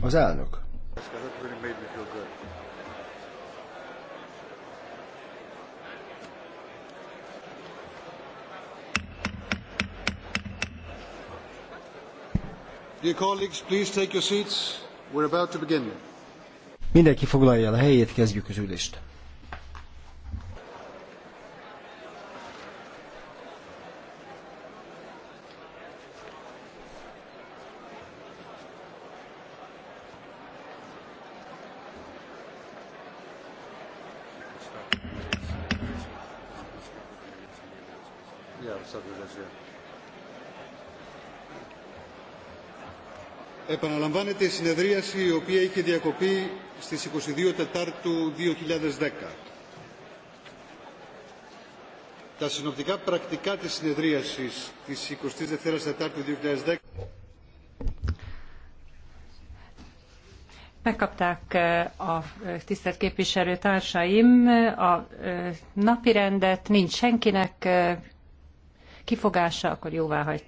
Az elnök. Dear colleagues, please take your seats. We're about to begin. Mindenki foglalja el a helyét, kezdjük az ülést. Επαναλαμβάνεται η συνεδρίαση η οποία είχε διακοπεί στις 22 Τετάρτου 2010. Τα συνοπτικά πρακτικά της συνεδρίασης της 22 Τετάρτου 2010 Megkapták a tisztelt képviselő társaim a napirendet, nincs senkinek kifogása, akkor jóvá hagytuk.